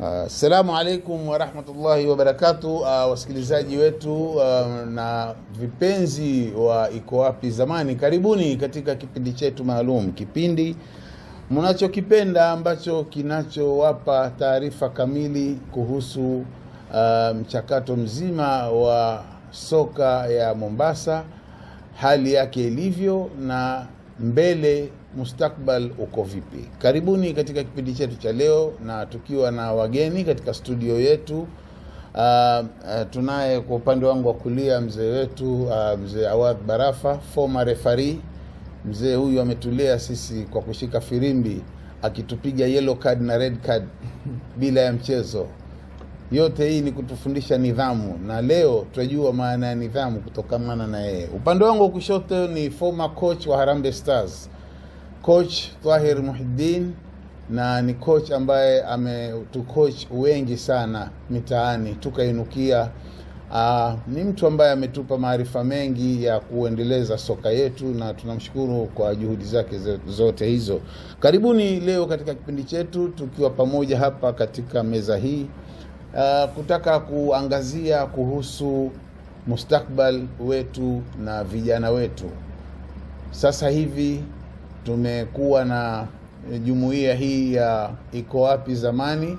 Assalamu uh, alaikum warahmatullahi wabarakatuh uh, wasikilizaji wetu uh, na vipenzi wa Iko Wapi Zamani, karibuni katika kipindi chetu maalum, kipindi mnachokipenda ambacho kinachowapa taarifa kamili kuhusu uh, mchakato mzima wa soka ya Mombasa, hali yake ilivyo na mbele mustakbal uko vipi? Karibuni katika kipindi chetu cha leo, na tukiwa na wageni katika studio yetu. Uh, uh, tunaye kwa upande wangu wa kulia mzee wetu uh, mzee Awadh Barafa former referee. Mzee huyu ametulea sisi kwa kushika firimbi akitupiga yellow card na red card bila ya mchezo. Yote hii ni kutufundisha nidhamu, na leo tutajua maana ya nidhamu kutokamana na yeye. Upande wangu wa kushoto ni former coach wa harambe Stars coach Tahir Muhiddin na ni coach ambaye ametucoach wengi sana mitaani tukainukia. Uh, ni mtu ambaye ametupa maarifa mengi ya kuendeleza soka yetu na tunamshukuru kwa juhudi zake zote hizo. Karibuni leo katika kipindi chetu tukiwa pamoja hapa katika meza hii uh, kutaka kuangazia kuhusu mustakbal wetu na vijana wetu sasa hivi Tumekuwa na eh, jumuiya hii ya Iko Wapi Zamani,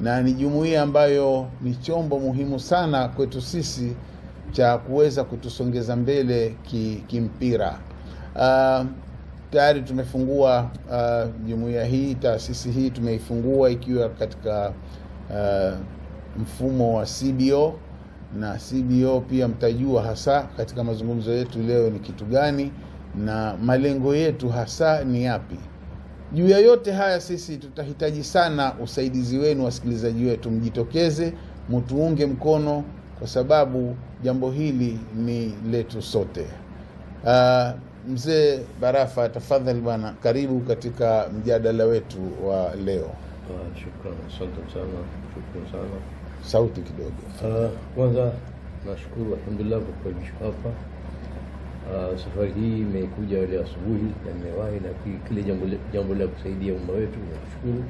na ni jumuiya ambayo ni chombo muhimu sana kwetu sisi cha kuweza kutusongeza mbele kimpira ki uh, ah, tayari tumefungua uh, jumuiya hii, taasisi hii tumeifungua ikiwa katika uh, mfumo wa CBO na CBO pia mtajua hasa katika mazungumzo yetu leo ni kitu gani na malengo yetu hasa ni yapi. Juu ya yote haya, sisi tutahitaji sana usaidizi wenu, wasikilizaji wetu, mjitokeze, mtuunge mkono, kwa sababu jambo hili ni letu sote. Uh, Mzee Barafa, tafadhali bwana, karibu katika mjadala wetu wa leo. Uh, shukran, asante sana, shukran sana. Sauti kidogo ah, kwanza. nashukuru alhamdulillah kwa kukaribishwa hapa Uh, safari hii imekuja ile asubuhi na nimewahi, na kile jambo jambo la kusaidia umma wetu nashukuru,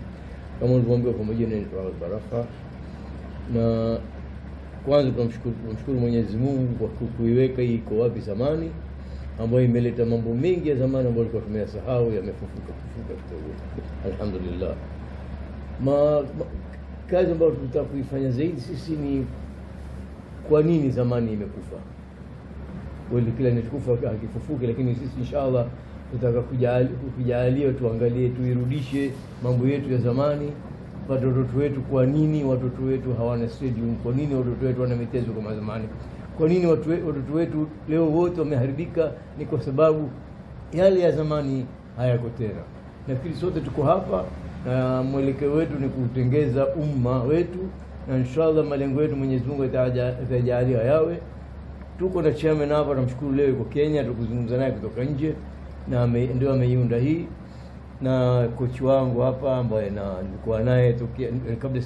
kama ulivyoambiwa, pamoja na Barafa. Na kwanza tunamshukuru tunamshukuru Mwenyezi Mungu kwa kuiweka hii iko wapi zamani, ambayo imeleta mambo mengi ya zamani ambayo tulikuwa tumeyasahau yamefufuka kufufuka kidogo, alhamdulillah. Ma, ma kazi ambayo tunataka kuifanya zaidi sisi ni kwa nini zamani imekufa kila inachokufa akifufuke, lakini sisi inshallah tutaka kujaaliwa tuangalie, tuirudishe mambo yetu ya zamani, watoto wetu. Kwa nini watoto wetu hawana stadium? Kwa nini watoto wetu wana michezo kama zamani? Kwa nini watoto wetu leo wote wameharibika? Ni kwa sababu yale ya zamani hayako tena. Nafikiri sote tuko hapa na mwelekeo wetu ni kutengeza umma wetu, na inshallah malengo yetu Mwenyezi Mungu atajalia yawe tuko na chairman hapa, namshukuru leo yuko Kenya, tukuzungumza naye kutoka nje na ndio ameiunda hii na kochi wangu hapa ambaye na nilikuwa naye kabla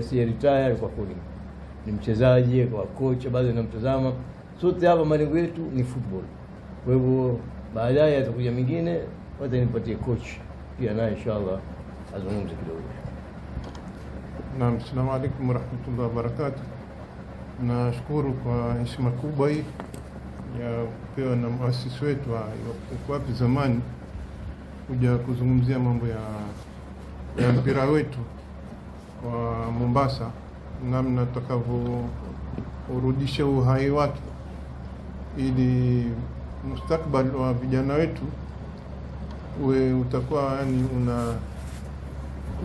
sija retire, alikuwa ni mchezaji kwa kocha, bado namtazama sote hapa. Malengo yetu ni football, kwa hivyo baadaye atakuja mingine, wacha nipatie coach pia naye inshallah azungumze kidogo. Naam, assalamu alaykum wa barakatuh. Nashukuru kwa heshima kubwa hii ya kupewa na muasisi wetu Iko Wapi Zamani kuja kuzungumzia mambo ya, ya mpira wetu wa Mombasa, namna tutakavyorudisha uhai wake ili mustakbali wa vijana wetu uwe utakuwa yani una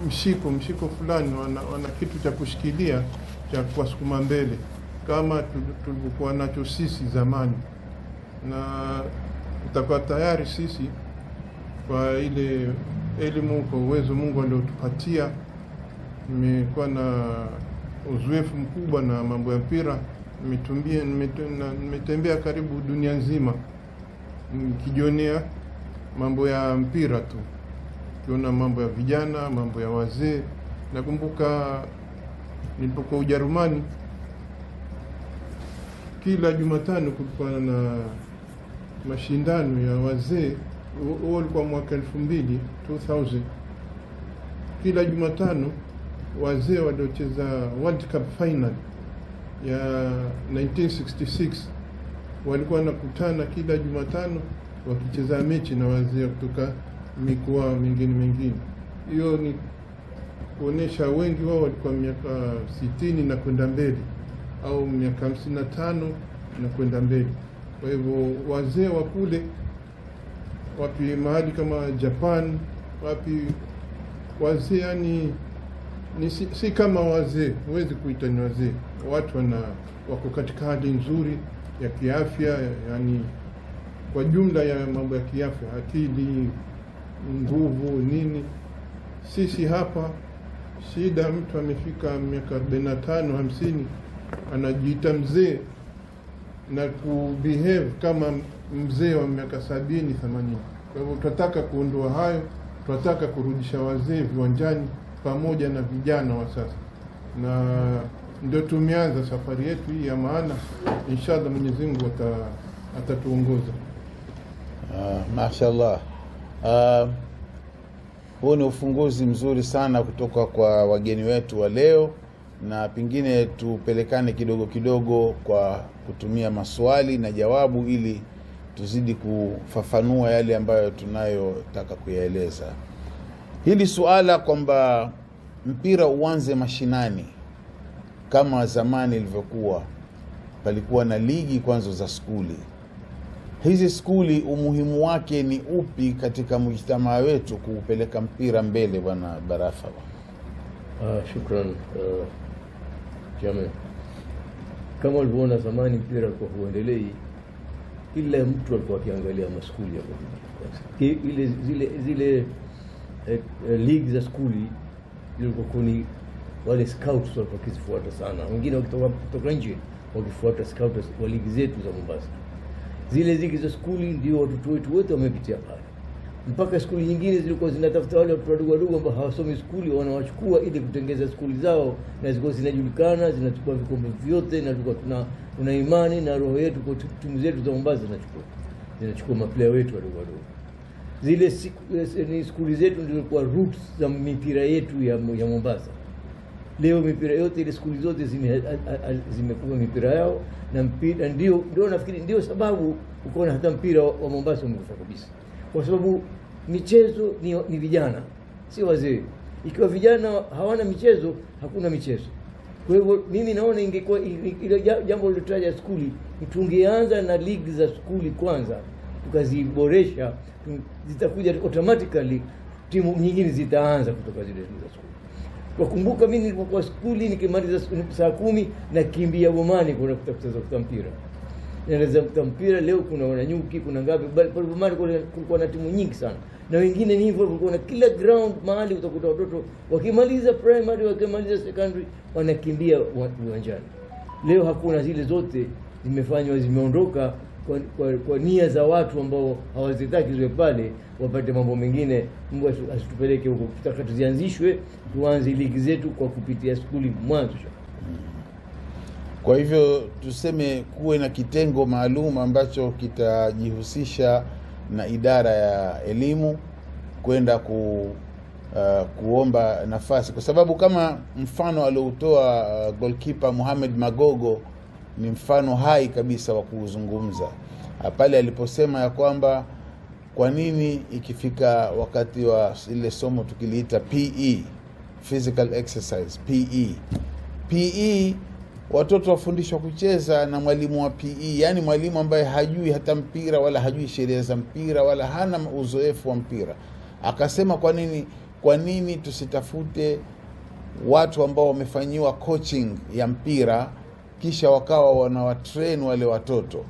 mshiko mshiko fulani, wana, wana kitu cha kushikilia cha kuwasukuma mbele kama tulivyokuwa nacho sisi zamani, na tutakuwa tayari sisi kwa ile elimu, kwa uwezo Mungu aliotupatia. Nimekuwa na uzoefu mkubwa na mambo ya mpira, nimetembea karibu dunia nzima nikijionea mambo ya mpira tu, kiona mambo ya vijana, mambo ya wazee. Nakumbuka nilipokuwa Ujerumani kila Jumatano kulikuwa na mashindano ya wazee. Huo ulikuwa mwaka elfu mbili 2000 kila Jumatano wazee waliocheza World Cup final ya 1966 walikuwa wanakutana kila Jumatano wakicheza mechi na wazee kutoka mikoa mingine mingine. Hiyo ni kuonesha wengi wao walikuwa miaka sitini na kwenda mbele au miaka hamsini na tano na kwenda mbele. Kwa hivyo wazee wa kule, wapi mahali kama Japan, wapi wazee yani ni si, si kama wazee, huwezi kuita ni wazee. Watu wana wako katika hali nzuri ya kiafya, yani kwa jumla ya mambo ya kiafya, akili, nguvu, nini. Sisi hapa shida, mtu amefika miaka 45 hamsini anajiita mzee na kubehave kama mzee wa miaka sabini themanini. Kwa hivyo tunataka kuondoa hayo, tunataka kurudisha wazee viwanjani pamoja na vijana wa sasa, na ndio tumeanza safari yetu hii ya maana. Inshallah mwenyezimngu atatuongoza. Uh, mashallah. Uh, ah, huu ni ufunguzi mzuri sana kutoka kwa wageni wetu wa leo na pengine tupelekane kidogo kidogo kwa kutumia maswali na jawabu ili tuzidi kufafanua yale ambayo tunayotaka kuyaeleza. Hili suala kwamba mpira uanze mashinani kama zamani ilivyokuwa, palikuwa na ligi kwanza za skuli. Hizi skuli umuhimu wake ni upi katika mujtamaa wetu kuupeleka mpira mbele, bwana Barafa? Ah, shukran. Uh chama kama walivyoona zamani, mpira kwa huendelei, kila mtu alikuwa akiangalia maskuli hapo ile zile zile eh, eh, league za skuli zilikuwa kuni wale scouts walikuwa wakizifuata sana, wengine wakitoka kutoka nje wakifuata scouts wa ligi zetu za Mombasa. Zile ligi za skuli ndio watoto wetu wote wamepitia pale mpaka skuli nyingine zilikuwa zinatafuta wale watu wadogo wadogo ambao hawasomi skuli, wanawachukua ili kutengeza skuli zao, na zilikuwa zinajulikana, zinachukua vikombe vyote, na tulikuwa tuna, tuna imani na roho yetu kwa timu zetu za Mombasa zinachukua zinachukua maplea wetu wadogo wadogo. Zile eh, ni skuli zetu ndio zilikuwa roots za mipira yetu ya, ya Mombasa. Leo mipira yote ile skuli zote zimekuwa mipira yao na mpira, ndio ndio nafikiri ndio sababu ukaona hata mpira wa, wa Mombasa umekufa kabisa kwa sababu michezo ni, ni vijana si wazee. Ikiwa vijana hawana michezo, hakuna michezo. Kwa hivyo mimi naona ingekuwa ile jambo lilotaja skuli, tungeanza na ligi za skuli kwanza, tukaziboresha, zitakuja automatically, timu nyingine zitaanza kutoka zile za skuli. Wakumbuka mimi nilipokuwa skuli, nikimaliza saa kumi kimbia bomani kwenda kucheza mpira kuta mpira leo, kuna wananyuki, kuna ngapi. Pale kulikuwa na timu nyingi sana, na wengine ni hivyo, kulikuwa na kila ground mahali. Utakuta watoto wakimaliza primary, wakimaliza secondary, wanakimbia uwanjani. Leo hakuna, zile zote zimefanywa, zimeondoka kwa, kwa, kwa nia za watu ambao hawazitaki ziwe pale, wapate mambo mengine. Mungu asitupeleke huko, tutaka tuzianzishwe, tuanze ligi zetu kwa kupitia skuli mwanzo. Kwa hivyo tuseme kuwe na kitengo maalum ambacho kitajihusisha na idara ya elimu kwenda ku, uh, kuomba nafasi, kwa sababu kama mfano aliotoa uh, goalkeeper Mohamed Magogo ni mfano hai kabisa wa kuzungumza ah, pale aliposema ya kwamba kwa nini ikifika wakati wa ile somo tukiliita PE, physical exercise PE, PE watoto wafundishwa kucheza na mwalimu wa PE, yani mwalimu ambaye hajui hata mpira wala hajui sheria za mpira wala hana uzoefu wa mpira. Akasema, kwa nini kwa nini tusitafute watu ambao wamefanyiwa coaching ya mpira, kisha wakawa wanawatrain wale watoto,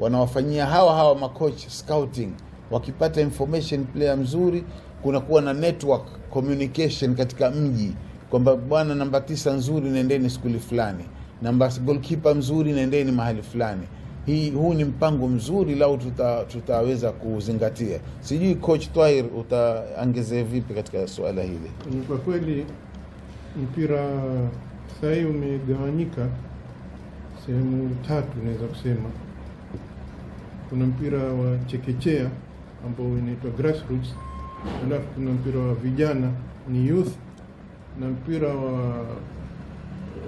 wanawafanyia hawa hawa macoach scouting. Wakipata information player mzuri, kunakuwa na network communication katika mji kwamba bwana, namba tisa nzuri, nendeni skuli fulani na basi golkipa mzuri, nendeni mahali fulani. Hii, huu ni mpango mzuri lau tuta, tutaweza kuzingatia. Sijui coach Twair utaangezea vipi katika suala hili? Ni kwa kweli mpira sahii umegawanyika sehemu tatu, naweza kusema kuna mpira wa chekechea ambao inaitwa grassroots, alafu kuna mpira wa vijana ni youth, na mpira wa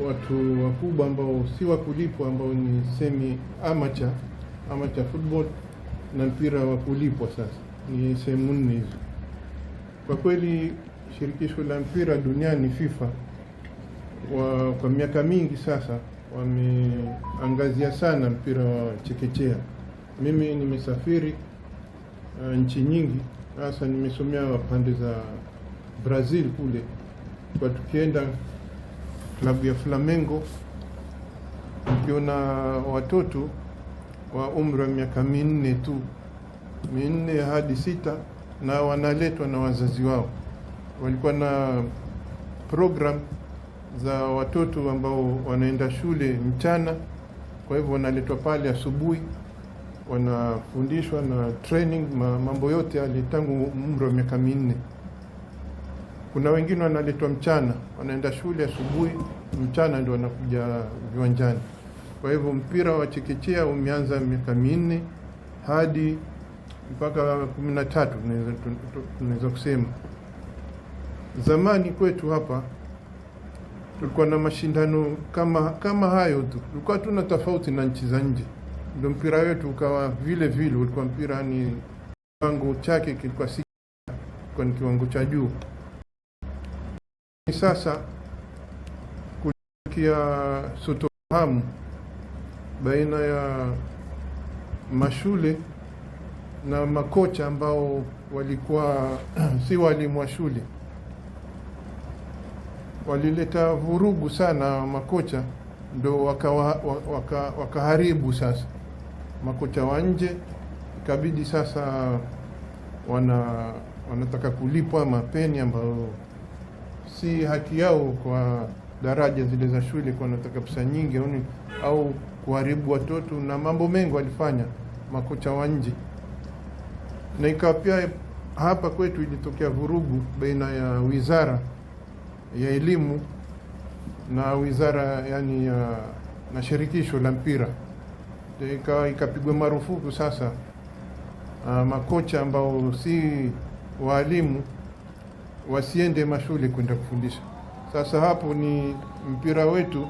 watu wakubwa ambao si wa kulipwa ambao ni semi amateur amateur football na mpira wa kulipwa sasa ni sehemu nne hizo. Kwa kweli shirikisho la mpira duniani FIFA wa, kwa miaka mingi sasa wameangazia sana mpira wa chekechea. Mimi nimesafiri uh, nchi nyingi, hasa nimesomea pande za Brazil kule, kwa tukienda klabu ya Flamengo, ukiwa na watoto wa umri wa miaka minne tu, minne hadi sita, na wanaletwa na wazazi wao. Walikuwa na program za watoto ambao wanaenda shule mchana, kwa hivyo wanaletwa pale asubuhi, wanafundishwa na training mambo yote yale tangu umri wa miaka minne. Kuna wengine wanaletwa mchana, wanaenda shule asubuhi, mchana ndio wanakuja viwanjani. Kwa hivyo mpira wa chekechea umeanza miaka minne hadi mpaka kumi na tatu tunaweza kusema. Zamani kwetu hapa tulikuwa na mashindano kama kama hayo tu, tulikuwa tuna tofauti na nchi za nje, ndo mpira wetu ukawa vile vile, ulikuwa mpira ni kiwango chake kilikuwa si ni kiwango cha juu. Sasa kulikia sutuhamu baina ya mashule na makocha ambao walikuwa si walimu wa shule, walileta vurugu sana makocha, ndo wakaharibu waka, waka sasa makocha wa nje, ikabidi sasa wana wanataka kulipwa mapeni ambayo si haki yao kwa daraja zile za shule kuwa nataka pesa nyingi au, au kuharibu watoto na mambo mengi walifanya makocha wa nje, na ikawa pia hapa kwetu ilitokea vurugu baina ya wizara ya elimu na wizara yani ya, na shirikisho la mpira ikapigwa marufuku sasa, uh, makocha ambao si waalimu wasiende mashule kwenda kufundisha. Sasa hapo ni mpira wetu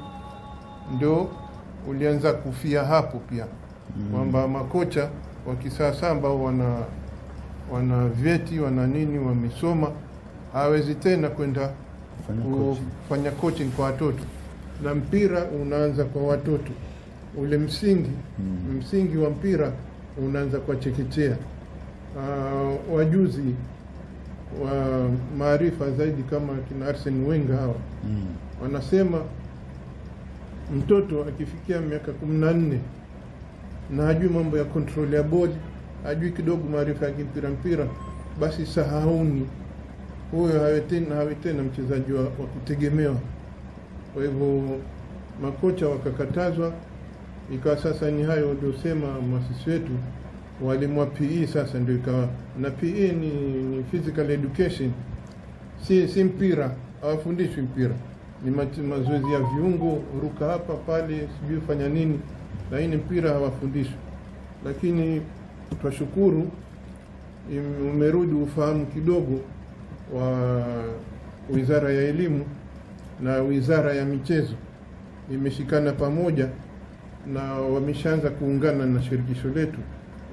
ndio ulianza kufia hapo pia mm. kwamba mm. makocha wa kisasa ambao wana wana vyeti wana nini wamesoma, hawezi tena kwenda kufanya coaching kwa watoto, na mpira unaanza kwa watoto ule msingi mm. msingi wa mpira unaanza kwa chekechea. Uh, wajuzi wa maarifa zaidi kama kina arsen Wenger hawa mm. wanasema mtoto akifikia miaka kumi na nne na hajui mambo ya control ya boli, hajui kidogo maarifa ya kimpira mpira, basi sahauni, huyo hawe tena mchezaji wa kutegemewa. Kwa hivyo makocha wakakatazwa, ikawa sasa ni hayo waliosema mwasisi wetu walimu wa PE sasa ndio ikawa na PE ni, ni physical education, si si mpira, hawafundishwi mpira, ni mazoezi ya viungo, ruka hapa pale, sijui fanya nini, lakini mpira hawafundishwi. Lakini twashukuru umerudi ufahamu kidogo wa Wizara ya Elimu na Wizara ya Michezo imeshikana pamoja na wameshaanza kuungana na shirikisho letu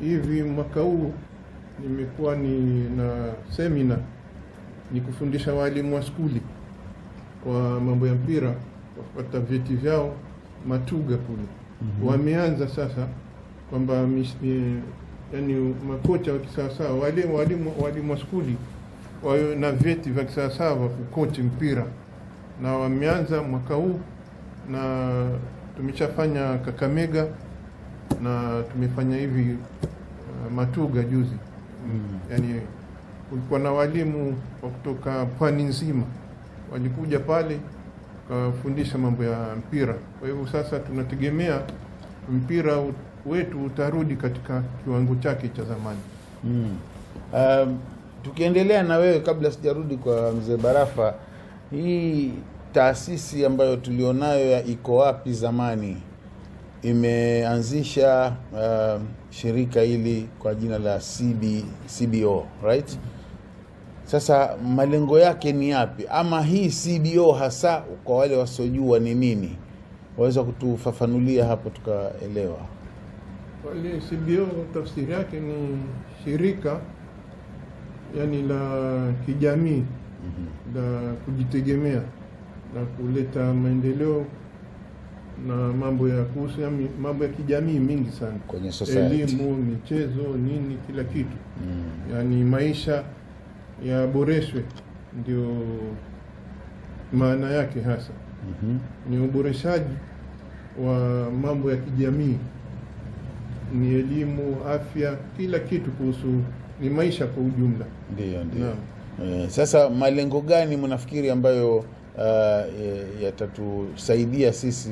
hivi mwaka huu nimekuwa ni na semina ni kufundisha walimu wa skuli kwa mambo ya mpira wapata vyeti vyao Matuga kule. mm -hmm. Wameanza sasa kwamba yani makocha wa kisawasawa walimu, walimu, walimu wa skuli wawe na vyeti vya kisawasawa kukochi mpira, na wameanza mwaka huu na tumeshafanya Kakamega na tumefanya hivi uh, Matuga juzi mm. Yani kulikuwa na walimu wa kutoka pwani nzima walikuja pale ukafundisha mambo ya mpira. Kwa hivyo sasa tunategemea mpira wetu utarudi katika kiwango chake cha zamani mm. Um, tukiendelea na wewe, kabla sijarudi kwa mzee Barafa, hii taasisi ambayo tulionayo ya iko wapi zamani imeanzisha uh, shirika hili kwa jina la CB, CBO right? Sasa malengo yake ni yapi, ama hii CBO hasa kwa wale wasiojua ni nini, waweza kutufafanulia hapo tukaelewa? Wale CBO tafsiri yake ni shirika yani la kijamii mm -hmm. la kujitegemea na kuleta maendeleo na mambo ya kuhusu mambo ya kijamii mingi sana kwenye society, elimu, michezo, nini, kila kitu mm. Yani maisha yaboreshwe, ndio maana yake hasa mm -hmm. Ni uboreshaji wa mambo ya kijamii, ni elimu, afya, kila kitu kuhusu, ni maisha kwa ujumla. Ndio, ndio. Eh, sasa malengo gani mnafikiri ambayo uh, yatatusaidia sisi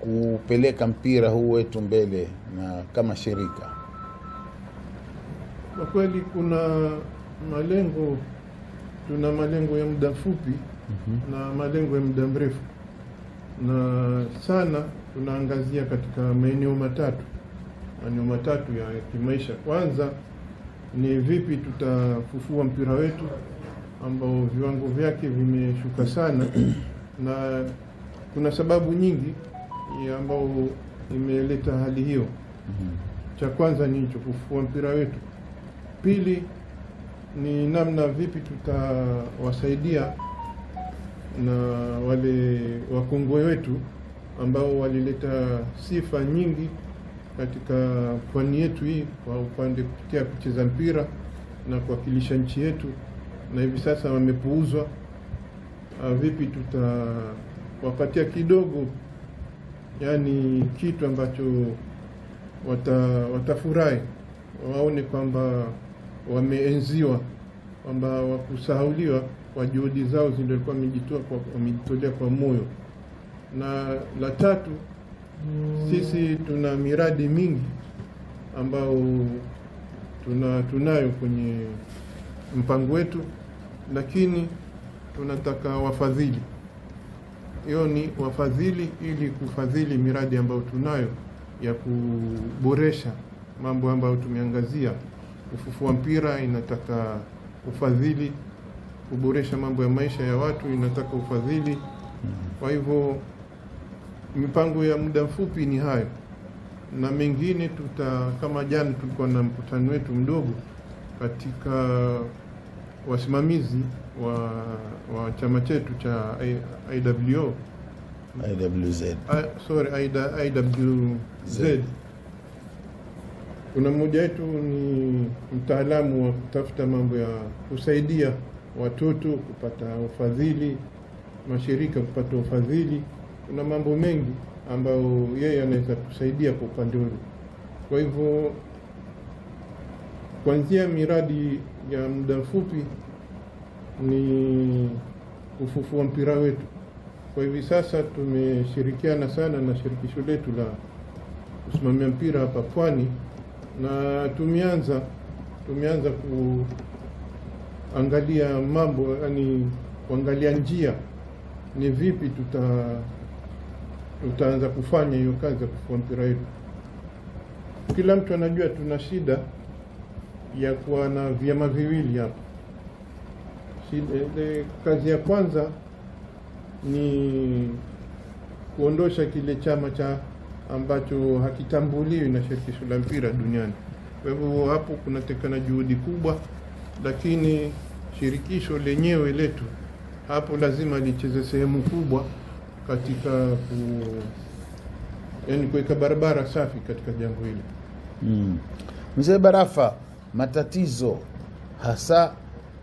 kupeleka mpira huu wetu mbele na kama shirika. Kwa kweli kuna malengo, tuna malengo ya muda mfupi mm -hmm. na malengo ya muda mrefu, na sana tunaangazia katika maeneo matatu, maeneo matatu ya kimaisha. Kwanza ni vipi tutafufua mpira wetu ambao viwango vyake vimeshuka sana, na kuna sababu nyingi ambao imeleta hali hiyo. mm -hmm. Cha kwanza ni hicho kufufua mpira wetu, pili ni namna vipi tutawasaidia na wale wakongwe wetu ambao walileta sifa nyingi katika pwani yetu hii kwa upande kupitia kucheza mpira na kuwakilisha nchi yetu, na hivi sasa wamepuuzwa. Ah, vipi tutawapatia kidogo yaani kitu ambacho wata watafurahi waone kwamba wameenziwa, kwamba wakusahauliwa kwa juhudi zao zilikuwa wamejitolea kwa moyo. Na la tatu, mm. sisi tuna miradi mingi ambayo tuna tunayo kwenye mpango wetu, lakini tunataka wafadhili hiyo ni wafadhili, ili kufadhili miradi ambayo tunayo ya kuboresha mambo ambayo tumeangazia. Kufufua mpira inataka ufadhili, kuboresha mambo ya maisha ya watu inataka ufadhili. Kwa hivyo mipango ya muda mfupi ni hayo, na mengine tuta, kama jana tulikuwa na mkutano wetu mdogo katika wasimamizi wa, wa chama chetu cha IWO IWZ, I, sorry, IWZ. Kuna mmoja wetu ni mtaalamu wa kutafuta mambo ya kusaidia watoto kupata ufadhili, mashirika kupata ufadhili. Kuna mambo mengi ambayo yeye anaweza kusaidia kwa upande huu. Kwa hivyo kuanzia miradi ya muda mfupi ni kufufua mpira wetu. Kwa hivi sasa tumeshirikiana sana na shirikisho letu la kusimamia mpira hapa Pwani, na tumeanza tumeanza kuangalia mambo, yani kuangalia njia ni vipi tuta tutaanza kufanya hiyo kazi ya kufufua mpira wetu. Kila mtu anajua tuna shida ya kuwa na vyama viwili hapa kazi ya kwanza ni kuondosha kile chama cha ambacho hakitambuliwi na shirikisho la mpira duniani. Kwa hivyo hapo kunatekana juhudi kubwa, lakini shirikisho lenyewe letu hapo lazima licheze sehemu kubwa katika ku yani kuweka barabara safi katika jambo hili mm. Mzee Barafa, matatizo hasa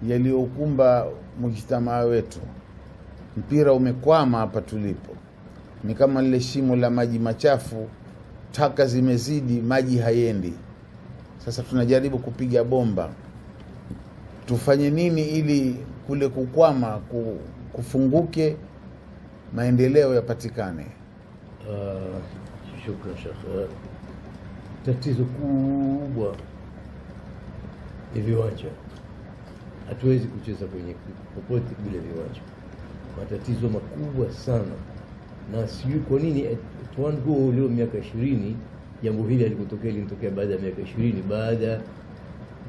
yaliyokumba mujitamaa wetu. Mpira umekwama hapa tulipo, ni kama lile shimo la maji machafu, taka zimezidi, maji hayendi. Sasa tunajaribu kupiga bomba. Tufanye nini ili kule kukwama kufunguke, maendeleo yapatikane? Uh, shukran Sheikh. Uh, tatizo kubwa ni viwanja hatuwezi kucheza kwenye popote vile viwanja, matatizo makubwa sana, na sijui kwa nini eh, Twanguo leo miaka ishirini jambo hili alikotokea linatokea baada ya miaka ishirini baada ya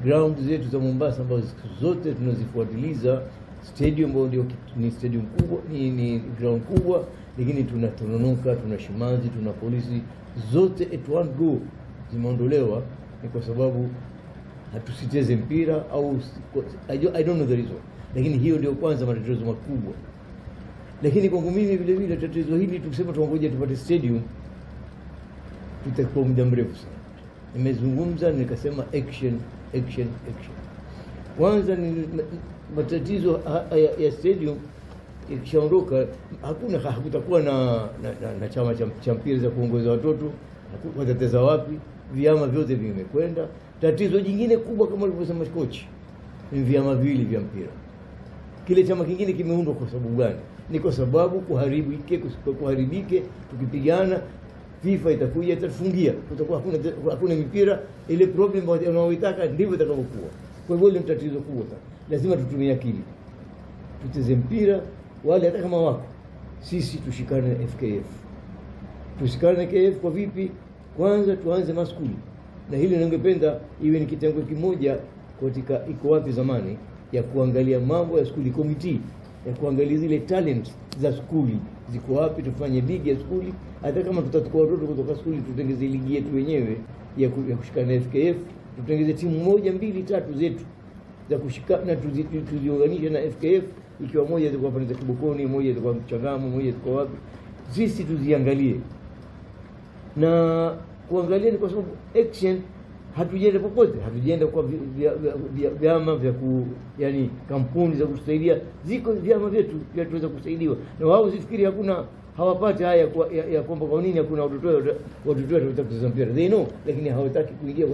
ground zetu za Mombasa ambazo zote tunazifuatiliza stadium ndio ni stadium kubwa, ni, ni ground kubwa, lakini tunatononoka, tuna Shimanzi, tuna polisi, zote at one go zimeondolewa, ni kwa sababu hatusicheze mpira au I don't know the reason, lakini hiyo ndio kwanza matatizo makubwa. Lakini kwangu mimi vile vile tatizo hili tukisema tuangoje tupate stadium tutakuwa muda mrefu sana. Nimezungumza nikasema action action action. Kwanza ni matatizo ya stadium ikishaondoka, hakuna hakutakuwa na, na, na, na chama cha mpira za kuongoza watoto, watateza wapi? Vyama vyote vimekwenda. Tatizo jingine kubwa kama alivyosema kochi ni vyama viwili vya mpira. Kile chama kingine kimeundwa kwa sababu gani? Ni kwa sababu kuharibike, kuharibike. Tukipigana FIFA itakuja itatufungia, kutakuwa hakuna hakuna mipira. Ile problem wanaoitaka ndivyo itakavyokuwa. Kwa hivyo ile ni tatizo kubwa sana, lazima tutumie akili, tucheze mpira. Wale hata kama wako sisi, tushikane na FKF, tushikane na KF. Kwa vipi? Kwanza tuanze maskuli na hili ningependa iwe ni kitengo kimoja katika Iko Wapi Zamani ya kuangalia mambo ya skuli committee ya kuangalia zile talent za skuli ziko wapi, tufanye ligi ya skuli. Hata kama tutachukua watoto kutoka skuli, tutengeze ligi yetu wenyewe ya, ku, ya kushikana na FKF, tutengeze timu moja mbili tatu zetu za kushikana, tuziunganishe na FKF, ikiwa moja ziko hapa za Kibokoni, moja ziko Mchangamo, moja ziko wapi, sisi tuziangalie na kuangalia ni kwa sababu action hatujende popote, hatujende kwa vyama vya ku, yani kampuni za kusaidia Ziko vyama vyetu vyatuweza kusaidiwa na wao, Zifikiri hakuna hawapati haya ya kwamba kwa nini hakuna watoto watoto wataka kucheza mpira, they know, lakini hawataki kuingia.